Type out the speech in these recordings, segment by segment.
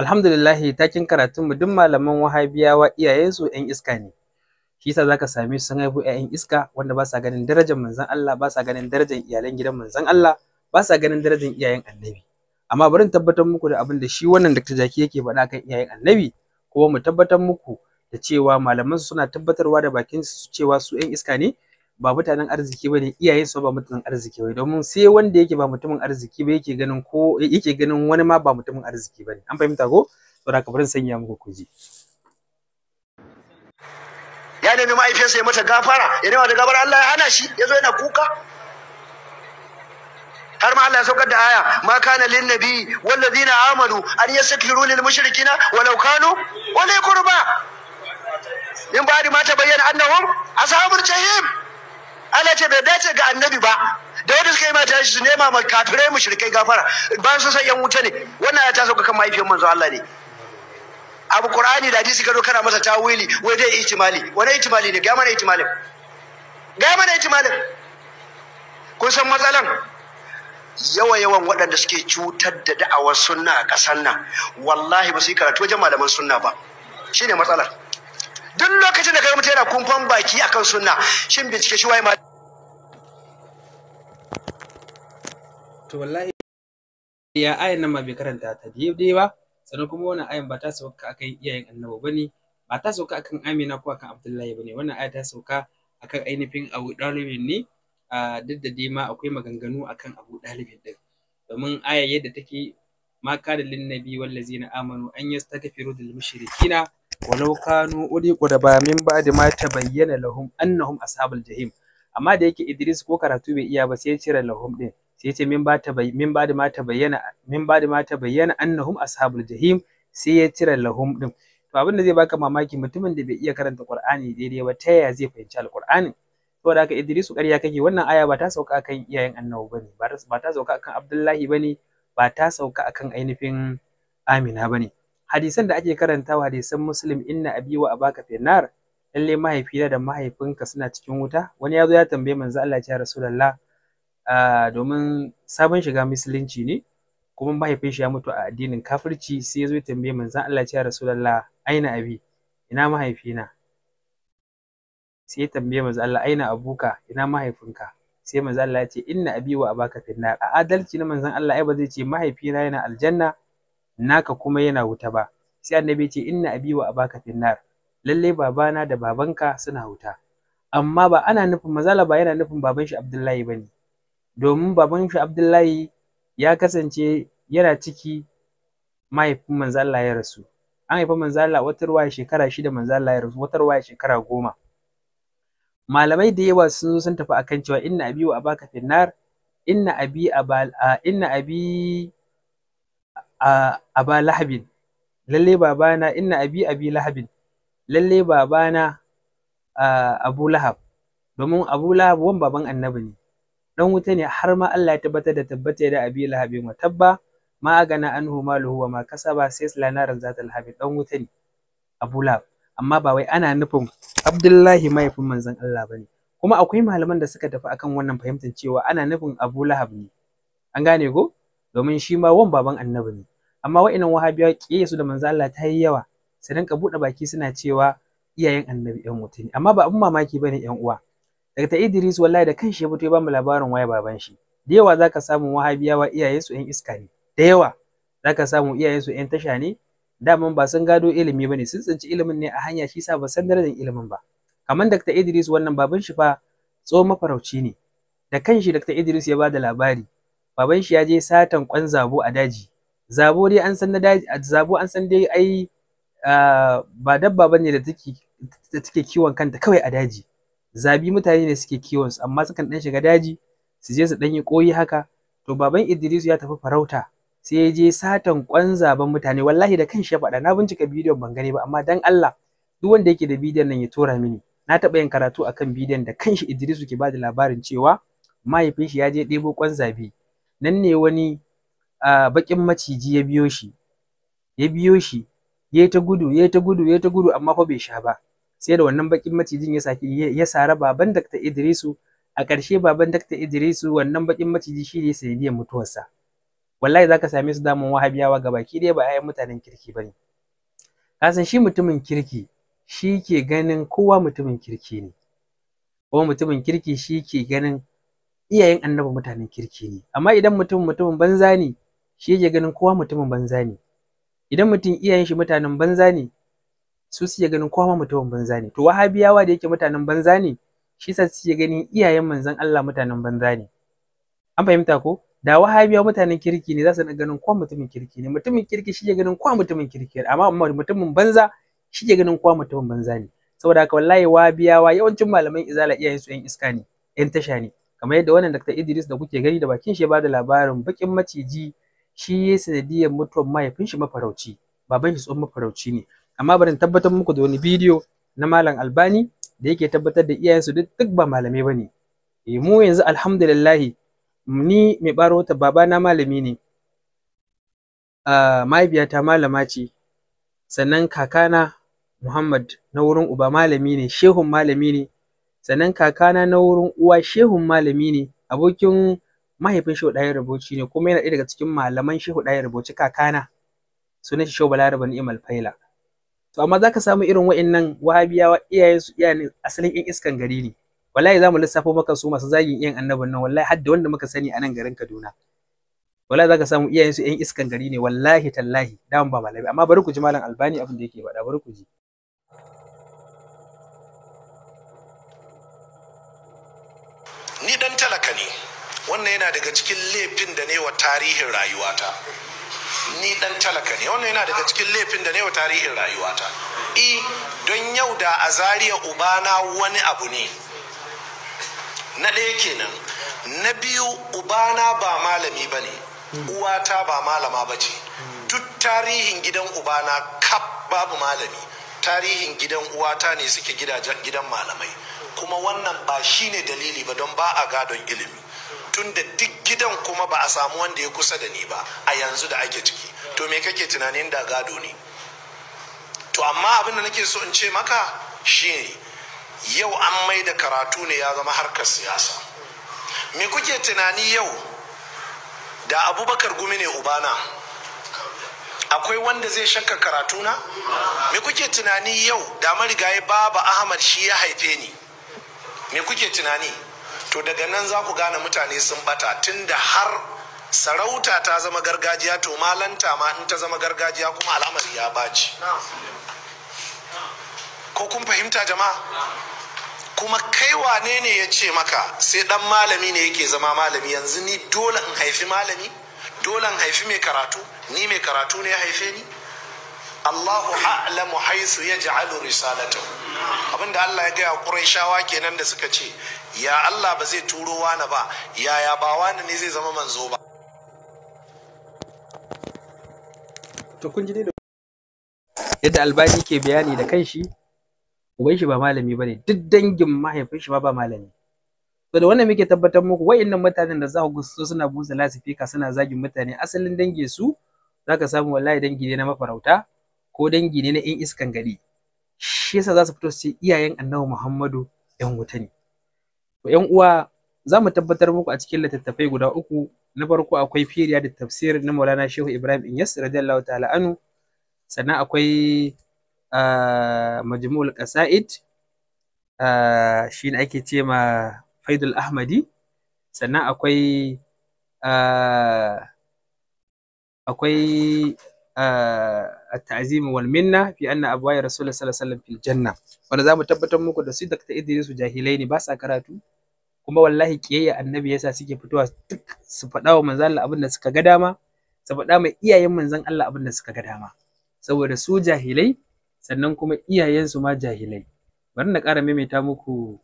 alhamdulillahi takin karatun mu duk malaman wahabiyawa su yan iska ne shi yasa zaka same su sun haihu 'ya'yan iska wanda ba sa ganin darajar manzon Allah ba sa ganin darajar iyalan gidan manzon Allah ba sa ganin darajar iyayen annabi amma bari tabbatar muku da abin da shi wannan Dr. Jaki yake faɗa kan iyayen annabi kuma mu tabbatar muku da cewa malaman suna tabbatarwa da bakin su cewa su ƴan iska ne ba mutanen arziki bane iyayen su ba mutanen arziki bane domin sai wanda yake ba mutumin arziki ba yake ganin ko yake ganin wani ma ba mutumin arziki bane an fahimta ko da ka bari sanya muku kuji ya nemi mahaifiyarsa ya mata gafara ya nema da gafara Allah ya hana shi ya zo yana kuka har ma Allah ya saukar da aya ma kana lin nabi ladina amanu an yastaghfiru lil mushrikina walau kanu la qurba in ba ma ta bayyana annahum ashabul jahim Allah ce bai dace ga annabi ba da wanda suka yi mata shi su nema ma kafirai shirkai gafara bayan sun san yan wuta ne wannan ta sauka kan mahaifiyar manzo Allah ne abu qur'ani da hadisi ka zo kana masa tawili wai dai ihtimali wani ihtimali ne ga mana ihtimalin ga mana ihtimalin kun san matsalan yawa yawan waɗanda suke cutar da da'awar sunna a ƙasar nan wallahi ba su yi karatu wajen malaman sunna ba shine matsalar duk lokacin da kai mutum yana kumfan baki akan sunna shin bincike shi waye ma to wallahi ya ayan nan ma bai karanta ta daidai ba sannan kuma wannan ayin ba ta sauka akan iyayen annabi bane ba ta sauka akan Amina ko akan Abdullahi bane wannan aya ta sauka akan ainihin Abu Dalib ne a duk da dai akwai maganganu akan Abu Dalib din domin aya yadda take ma kadalin lin nabi wallazina amanu an yastaghfiru lil mushrikina walau kanu uli ba min ba'di ma tabayyana lahum annahum ashabul jahim amma da yake Idris ko karatu bai iya ba sai ya cire lahum din sai ya ce min ba ta min ba da ma ta bayyana min ba da ma ta bayyana annahum ashabul jahim sai ya cire lahum din to abin da zai baka mamaki mutumin da bai iya karanta Qur'ani daidai ba ta yaya zai fahimci alqur'ani saboda haka Idris ƙarya kake wannan aya ba ta sauka kan iyayen annabi bane ba ta sauka kan Abdullahi bane ba ta sauka akan ainihin Amina bane hadisan da ake karantawa hadisan muslim inna abi wa abaka fi nar lalle mahaifina da mahaifinka suna cikin wuta wani ya zo ya tambaye manzo Allah ya rasulullah domin sabon shiga musulunci ne kuma mahaifin shi ya mutu a addinin kafirci sai ya zo ya tambaye manzo Allah ya rasulullah aina abi ina mahaifina sai ya tambaye manzo Allah aina abuka ina mahaifinka sai manzo Allah ya ce inna abi wa abaka fi nar a adalci na manzo Allah ai ba zai ce mahaifina yana aljanna naka kuma yana wuta ba sai annabi ce inna abi wa abaka finnar lalle babana da babanka suna wuta amma ba ana nufin mazala ba yana nufin baban shi abdullahi bane domin baban shi abdullahi ya kasance yana ciki mahaifin manzo Allah ya rasu an haifa manzo Allah wata ruwa shekara shida manzo Allah ya rasu wata ruwa shekara goma malamai da yawa sun zo sun tafi akan cewa inna abi wa abaka finnar inna abi abal inna abi aba lahabin lalle babana inna abi abi lahabin lalle babana abu lahab domin abu lahab wan baban annabi ne dan wuta ne har ma Allah ya tabbatar da tabbata da abi lahabin wa tabba ma agana anhu maluhu wa ma kasaba sai lanaran zata habib dan wuta ne abu lahab amma ba wai ana nufin abdullahi mahaifin manzon Allah bane kuma akwai malaman da suka tafi akan wannan fahimtar cewa ana nufin abu lahab ne an gane ko domin shi ma wan baban annabi ne amma wa'annan wahabiya kiyaye su da manzo Allah ta yi yawa su ka buɗe baki suna cewa iyayen annabi yan mutum amma ba abun mamaki bane yan uwa daga ta Idris wallahi da kanshi ya fito ya bamu labarin waya baban shi da yawa zaka samu wahabiyawa iyayen su yan iska ne da yawa zaka samu iyayen su yan tasha ne daman ba sun gado ilimi bane sun tsinci ilimin ne a hanya shi sa ba san darajar ilimin ba kamar Dr. Idris wannan baban shi fa tsohon mafarauci ne da kanshi Dr. Idris ya ba da labari baban shi ya je satan kwan zabo a daji zabo dai an san daji zabo an san dai ai ba dabba bane da take da take kiwon kanta kawai a daji zabi mutane ne suke kiwon su amma sukan dan shiga daji su je su dan yi koyi haka to baban Idris ya tafi farauta sai ya je satan kwan zaben mutane wallahi da kan shi faɗa na bincika bidiyon ban gani ba amma dan Allah duk wanda yake da bidiyon nan ya tura mini na taɓa yin karatu akan bidiyon da kan kanshi Idrisu ke da labarin cewa mahaifin shi ya je ɗebo kwan zabi nan ne wani A baƙin maciji ya biyo shi ya biyo shi ya ta gudu ya ta gudu ya ta gudu amma fa bai sha ba sai da wannan baƙin macijin ya saki ya sara baban Dr. Idrisu a ƙarshe baban Dr. Idrisu wannan baƙin maciji shi ne sanadiyar mutuwarsa wallahi zaka same su damun wahabiyawa ga baki ɗaya ba ayan mutanen kirki bane kasan shi mutumin kirki shi ke ganin kowa mutumin kirki ne kowa mutumin kirki shi ke ganin iyayen annabi mutanen kirki ne amma idan mutum mutumin banza ne shi yake ganin kowa mutumin banza ne idan mutum iyayen shi mutanen banza ne su suke ganin kowa mutumin banza ne to wahabiyawa da yake mutanen banza ne shi sa suke ganin iyayen manzon Allah mutanen banza ne an fahimta ko da wahabiyawa mutanen kirki ne za su ganin kowa mutumin kirki ne mutumin kirki shi ke ganin kowa mutumin kirki amma mutumin banza shi ke ganin kowa mutumin banza ne saboda haka wallahi wahabiyawa yawancin malaman izala su yan iska ne yan tasha ne kamar yadda wannan Dr. Idris da kuke gani da bakin shi ya bada labarin bakin maciji shi ya sanadiyar mutuwar mahaifin shi mafarauci baban shi tsohon mafarauci ne amma bari tabbatar muku da wani bidiyo na malam albani da yake tabbatar da iyayen su duk ba malamai bane eh mu yanzu alhamdulillah ni mai baro ta baba na malami ne mahaifiyata malama ce sannan kakana Muhammad na wurin uba malami ne shehun malami ne sannan kakana na wurin uwa shehun malami ne abokin mahaifin Shehu Ɗahir Bauchi ne kuma yana ɗaya daga cikin malaman Shehu Ɗahir Bauchi kakana sunan shi Shehu Balarabe Ni'imal Faila to amma za ka samu irin wa'annan wahabiyawa iyayen su iyayen asalin yan iskan gari ne wallahi mu lissafo maka su masu zagin iyan annabin nan wallahi har wanda muka sani a nan garin Kaduna wallahi ka samu iyayen su yan iskan gari ne wallahi tallahi dan ba malami amma bari ku ji malam Albani abin da yake faɗa bari ku ji ni dan talaka ne wannan yana daga cikin laifin da ne wa tarihin rayuwata ni dan talaka ne wannan yana daga cikin laifin da ne wa tarihin rayuwata i e, don yau da a zariya ubana wani abu ne na ɗaya kenan na biyu ubana ba malami ba ne uwata ba malama ba ce duk tarihin gidan ubana kap babu malami tarihin gidan uwata ne suke gidan malamai kuma wannan ba shine dalili ba don ba a gadon ilimi tunda duk gidan kuma ba a samu wanda ya kusa da ni ba a yanzu da ake ciki to me kake tunanin da gado ne to amma abin da nake so in ce maka shine yau an mai da karatu ne ya zama harkar siyasa me kuke tunani yau da abubakar gumi ne ubana akwai wanda zai shakka karatuna me kuke tunani yau da marigayi baba ahmad shi ya haife ni me kuke tunani to daga nan za ku gane mutane sun bata tunda har sarauta ta zama gargajiya to malanta ma in ta zama gargajiya kuma al'amari ya baci ko kun fahimta jama'a kuma kai wane ne ya ce maka sai dan malami ne yake zama malami yanzu ni dole in haifi malami dole in haifi mai karatu ni mai karatu ne ya haife ni Allahu a'lamu haisu ya ja'alu risalatahu abinda Allah ya gaya shawa kenan da suka ce ya Allah ba zai turo wani ba yaya ba wani ne zai zama manzo ba to kun ji da yadda albani ke bayani da kanshi uban shi ba malami bane duk dangin mahaifin shi ma ba malami to da wannan muke tabbatar muku wayannan mutanen da za ku su suna busa lasifika suna zagin mutane asalin dangin su zaka samu wallahi dangi ne na mafarauta ko dangi ne na in iskan gari shi yasa za su fito su iyayen annabi Muhammadu ‘yan wuta ne. ‘Yan uwa za mu tabbatar muku a cikin littattafai guda uku na farko akwai firiya da tafsir na Maulana Shehu Ibrahim Inyas radiyallahu ta'ala anu sannan akwai ah, majmu'ul qasaid ah, shi ne ake ce ma Faidul Ahmadi sannan akwai ah, akwai التعزيم والمنة في fi أبواء رسول الله صلى الله عليه وسلم في الجنة wanda zamu tabbatar muku da su da ta idris su jahilai ne ba sa karatu kuma wallahi kiyayya annabi yasa suke fitowa duk su faɗa wa manzon Allah abin da suka ga dama su faɗa mai iyayen manzan Allah abin da suka ga dama saboda su jahilai sannan kuma iyayen su ma jahilai bari na ƙara maimaita muku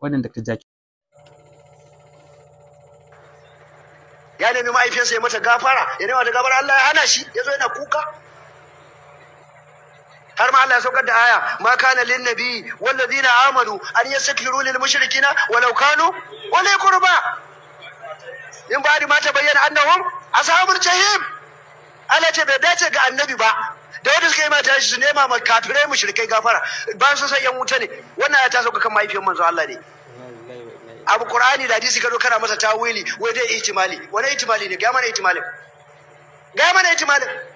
wannan Dr. Jaki ya nemi mahaifiyarsa ya mata gafara ya nemi ta gafara Allah ya hana shi ya zo yana kuka har ma Allah ya saukar da aya ma kana lin nabi wallazina amanu an yastakiru lil mushrikina walau kanu wala qurba in ba ma ta bayyana annahum ashabul jahim Allah ce bai dace ga annabi ba da wanda suka yi mata shi su nema ma kafirai mushrikai gafara ba su san yan wuta ne wannan ya ta sauka kan mahaifiyar manzo Allah ne abu qur'ani da hadisi ka kana masa tawili wai dai ihtimali wani ihtimali ne ga mana ihtimalin ga mana ihtimalin